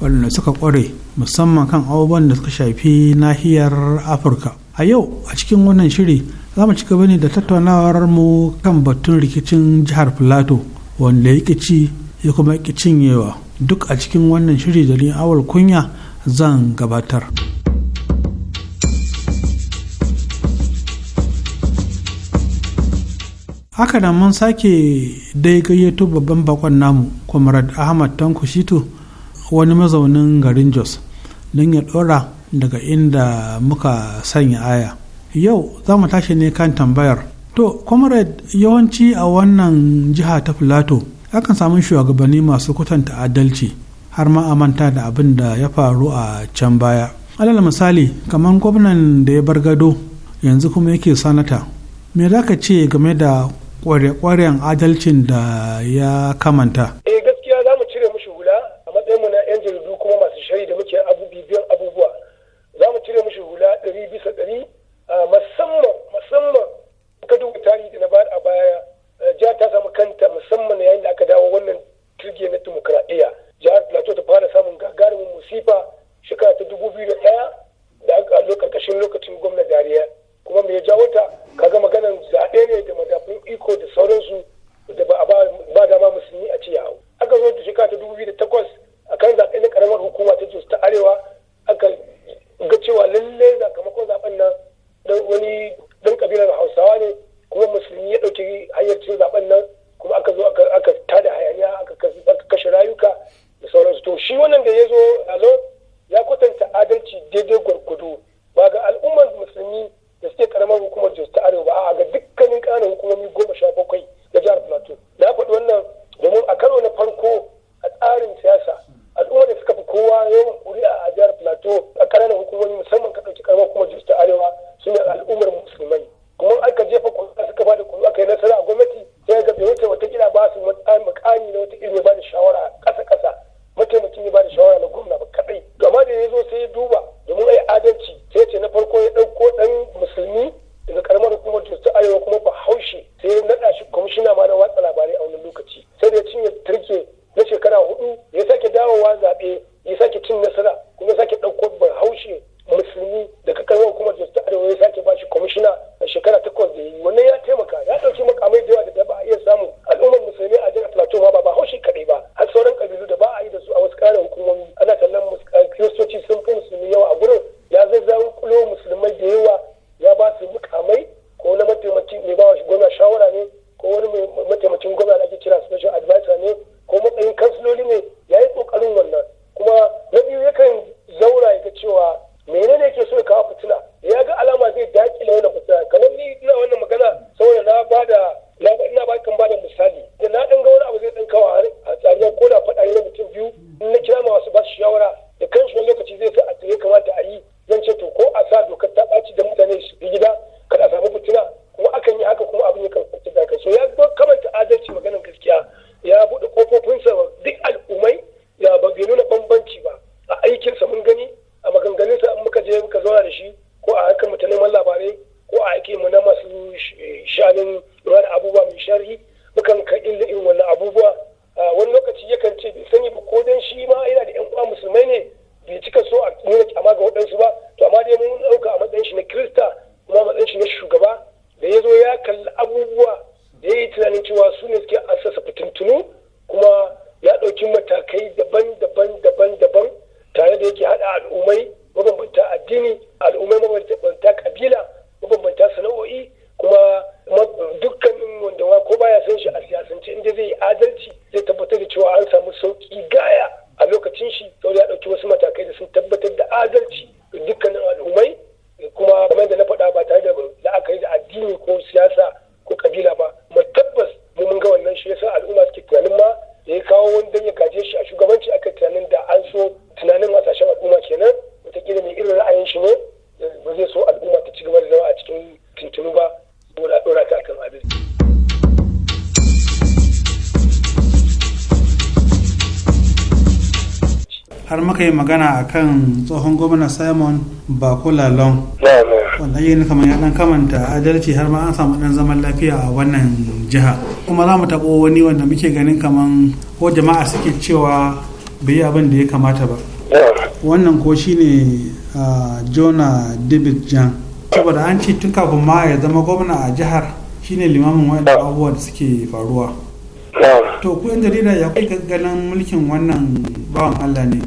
waɗanda suka ƙware musamman kan abubuwan da suka shafi nahiyar afirka a yau a cikin wannan shiri za mu ci gaba ne da tattaunawar mu kan batun rikicin jihar filato wanda ya ci ya kuma ki cinyewa duk a cikin wannan shiri da awal kunya zan gabatar. haka da mun sake dai gayyato babban bakon namu comrade ahmad tankushito wani mazaunin garin jos don ya dora daga inda muka sanya aya yau za mu tashi ne kan tambayar to comrade yawanci a wannan jiha ta filato akan samu shugabanni masu kwatanta adalci har ma a manta da abin da ya faru a can baya alal misali kamar gwamnan da ya bar gado yanzu kuma yake sanata me za ka ce game da kware-kwaren adalcin da ya kamanta eh gaskiya za mu cire mushi hula a matsayinmu na 'yan jaridu kuma masu shari da muke abubuwan abubuwa za mu cire mushi hula ɗari bisa ɗari musamman musamman kadu tarihi da na baya a baya eh, ja ta samu kanta musamman sauki gaya ka yi magana a kan tsohon gwamna simon Bakulalon. long wanda yin kamar ya dan kamanta adalci har ma an samu dan zaman lafiya a wannan jiha kuma za mu tabo wani wanda muke ganin kamar ko jama'a suke cewa bai yi abin da ya kamata ba wannan ko shine jona david jan saboda an ce tun kafin ma ya zama gwamna a jihar shine limamin wadda abubuwa da suke faruwa to ku yan jarida ya kai ganin mulkin wannan bawan Allah ne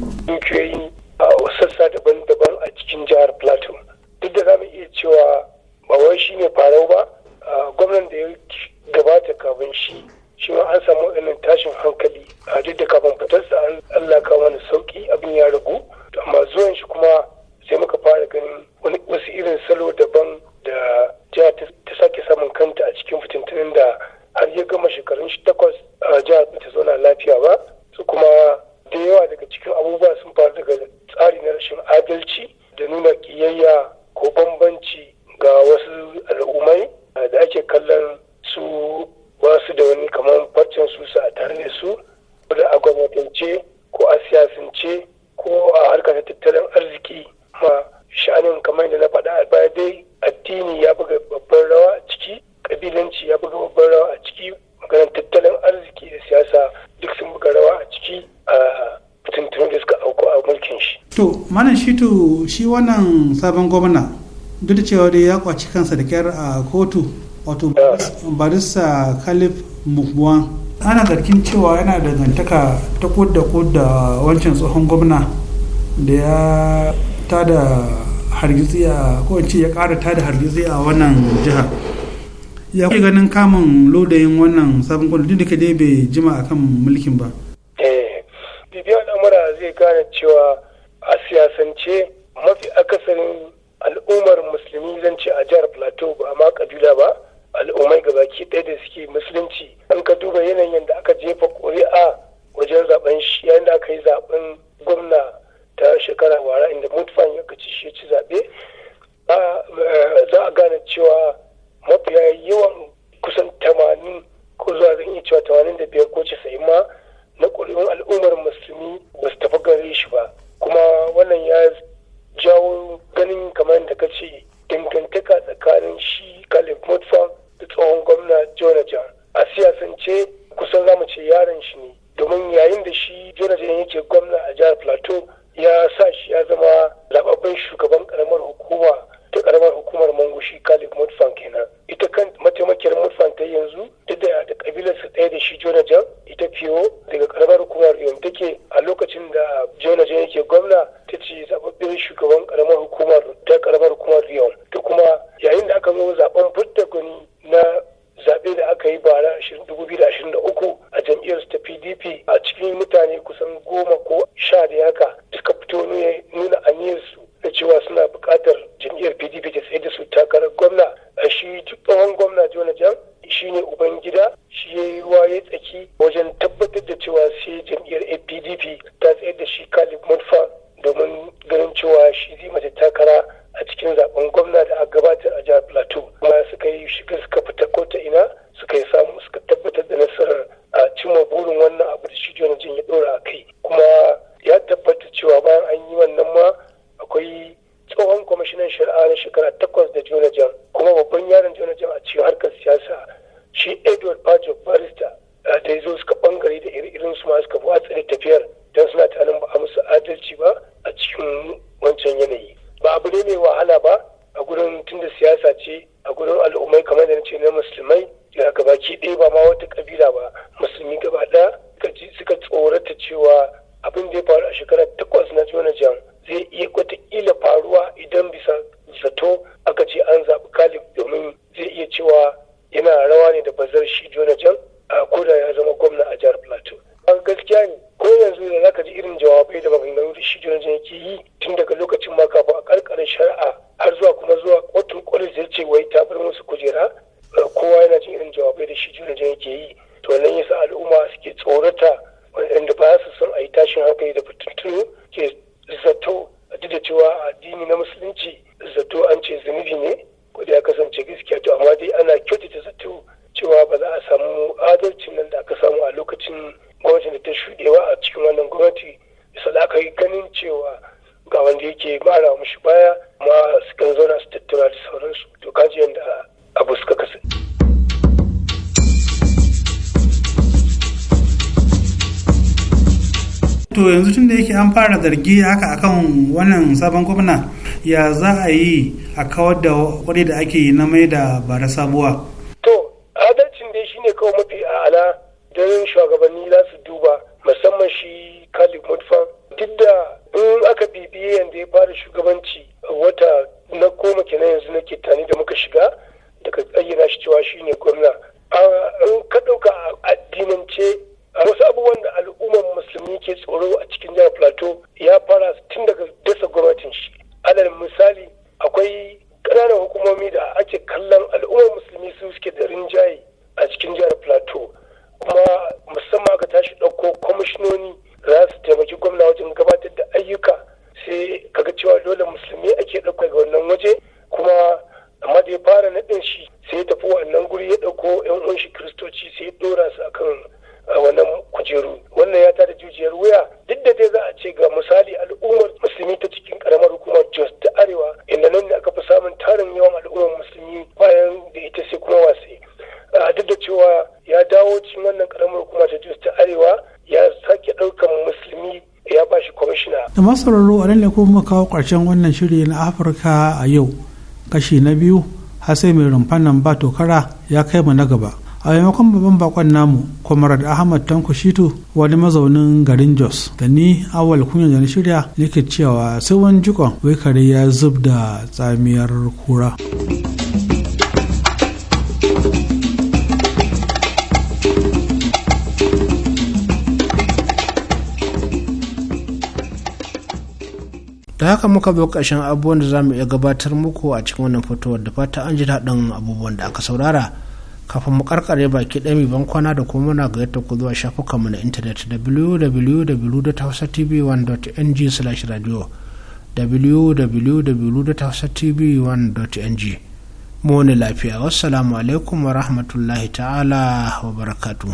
addini ya buga babban rawa a ciki kabilanci ya buga babban rawa a ciki maganar tattalin arziki da siyasa duk sun buga rawa a ciki a tuntunan da suka auku a mulkin shi. To, manan shitu shi wannan sabon gwamna duk da cewa dai ya kwaci kansa da kyar a kotu wato ah. barista Khalif Mukbuwan. Ana zargin cewa yana da dangantaka ta kudda kudda wancan tsohon gwamna da ya tada hargitsi a kowace ya ƙara tada hargitsi a wannan jiha. ya kai ganin kamun lodayin wannan sabon gwamnati duk da dai bai jima a kan mulkin ba a cikin mutane kusan goma ko sha da haka suka fito ne to yanzu tun da yake an fara zargi haka akan wannan sabon gwamna ya za a yi a kawar da kwarai da ake yi na mai da bara sabuwa sauraro a nan kuma kawo ƙarshen wannan shiri na afirka a yau kashi na biyu har mai rumfan nan ba tokara ya kai mu na gaba a maimakon babban bakon namu kwamarad ahmad tanko shitu wani mazaunin garin jos da ni awal kunya da na shirya nake cewa sai wani jikon wai kare ya zub da tsamiyar kura. da haka muka zo ƙarshen abubuwan da za mu iya gabatar muku a cikin wannan fitowar da fata an ji daɗin abubuwan da aka saurara kafin mu karkare baki ɗami mai bankwana da kuma muna gayyata ku zuwa shafukanmu na intanet www.hausatv1.ng slash radio www.hausatv1.ng mu ne lafiya wassalamu alaikum wa rahmatullahi ta'ala wa barakatu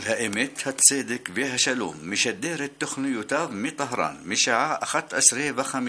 גדול האמת, הצדק והשלום משדר את תוכניותיו מטהרן משעה 11:50